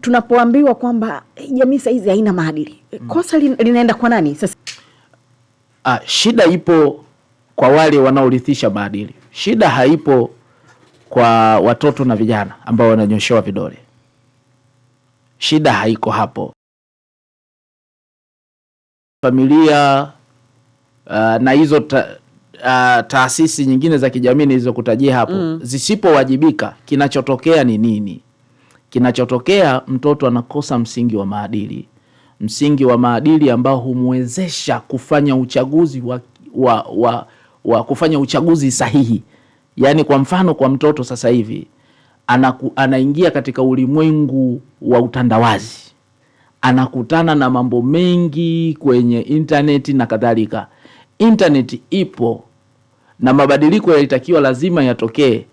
tunapoambiwa kwamba jamii sahizi haina maadili mm. kosa mm. linaenda kwa nani sasa? Ah, shida ipo kwa wale wanaorithisha maadili. Shida haipo kwa watoto na vijana ambao wananyoshewa vidole, shida haiko hapo. Familia uh, na hizo ta, uh, taasisi nyingine za kijamii nilizokutajia hapo mm. zisipowajibika kinachotokea ni nini? Kinachotokea, mtoto anakosa msingi wa maadili, msingi wa maadili ambao humwezesha kufanya uchaguzi wa, wa, wa, wa kufanya uchaguzi sahihi. Yaani kwa mfano, kwa mtoto sasa hivi anaku, anaingia katika ulimwengu wa utandawazi, anakutana na mambo mengi kwenye intaneti na kadhalika. Intaneti ipo na mabadiliko yalitakiwa lazima yatokee,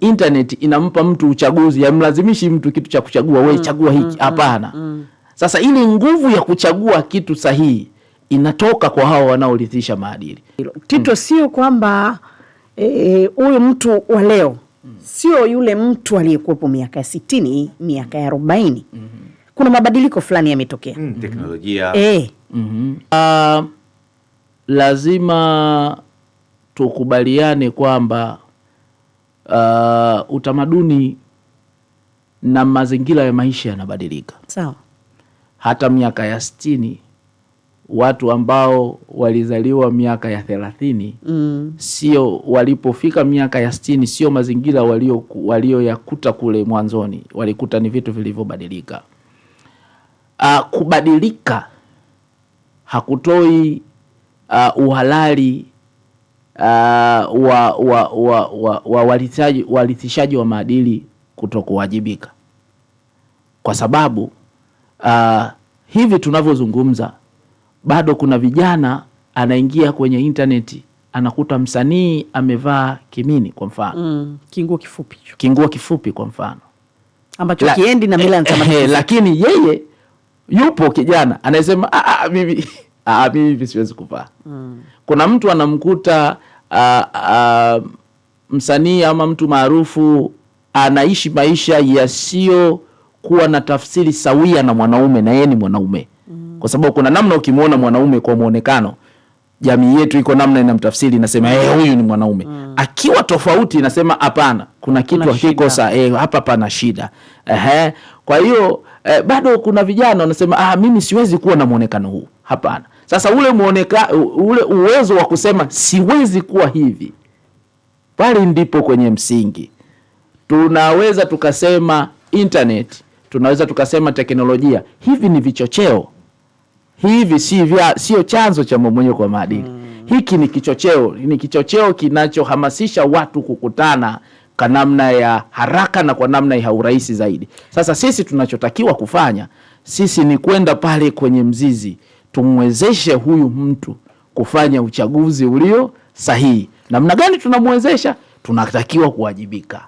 internet inampa mtu uchaguzi, yamlazimishi mtu kitu cha kuchagua, we mm, chagua hiki, mm, mm, hapana. Sasa ili nguvu ya kuchagua kitu sahihi inatoka kwa hao wanaorithisha maadili. Tito, mm. sio kwamba eh, eh, huyu e, mtu wa leo mm. sio yule mtu aliyekuwepo miaka ya sitini, miaka ya arobaini. mm -hmm. Kuna mabadiliko fulani yametokea, mm. Mm-hmm. teknolojia e. mm -hmm. Uh, lazima tukubaliane kwamba uh, utamaduni na mazingira ya maisha yanabadilika. Sawa. Hata miaka ya sitini watu ambao walizaliwa miaka ya thelathini mm. sio walipofika miaka ya sitini, sio mazingira walioyakuta walio kule mwanzoni, walikuta ni vitu vilivyobadilika. Uh, kubadilika hakutoi uh, uhalali uh, wa, wa, wa, wa, wa waritishaji wa maadili kutokuwajibika, kwa sababu uh, hivi tunavyozungumza bado kuna vijana anaingia kwenye intaneti anakuta msanii amevaa kimini kwa mfano mm, kinguo kifupi, kinguo kifupi kwa mfano ambacho kiendi na mila eh, lakini yeye yupo kijana anayesema ah, ah, ah, mimi hivi siwezi kuvaa mm. Kuna mtu anamkuta uh, uh, msanii ama mtu maarufu anaishi maisha yasiyokuwa na tafsiri sawia na mwanaume, na yeye ni mwanaume mm. Kwa sababu kuna namna ukimwona mwanaume kwa mwonekano, jamii yetu iko namna inamtafsiri, inasema eh, huyu ni mwanaume mm. Akiwa tofauti inasema hapana, kuna kitu akikosa, eh, hapa pana shida ehe. Kwa hiyo eh, bado kuna vijana wanasema ah, mimi siwezi kuwa na mwonekano huu, hapana sasa ule muoneka, ule uwezo wa kusema siwezi kuwa hivi, pale ndipo kwenye msingi. Tunaweza tukasema internet, tunaweza tukasema teknolojia, hivi ni vichocheo, hivi si vya, sio chanzo cha mmomonyoko wa maadili. Mm. Hiki ni kichocheo, ni kichocheo kinachohamasisha watu kukutana kwa namna ya haraka na kwa namna ya urahisi zaidi. Sasa sisi tunachotakiwa kufanya sisi ni kwenda pale kwenye mzizi tumwezeshe huyu mtu kufanya uchaguzi ulio sahihi. Namna gani tunamwezesha? Tunatakiwa kuwajibika.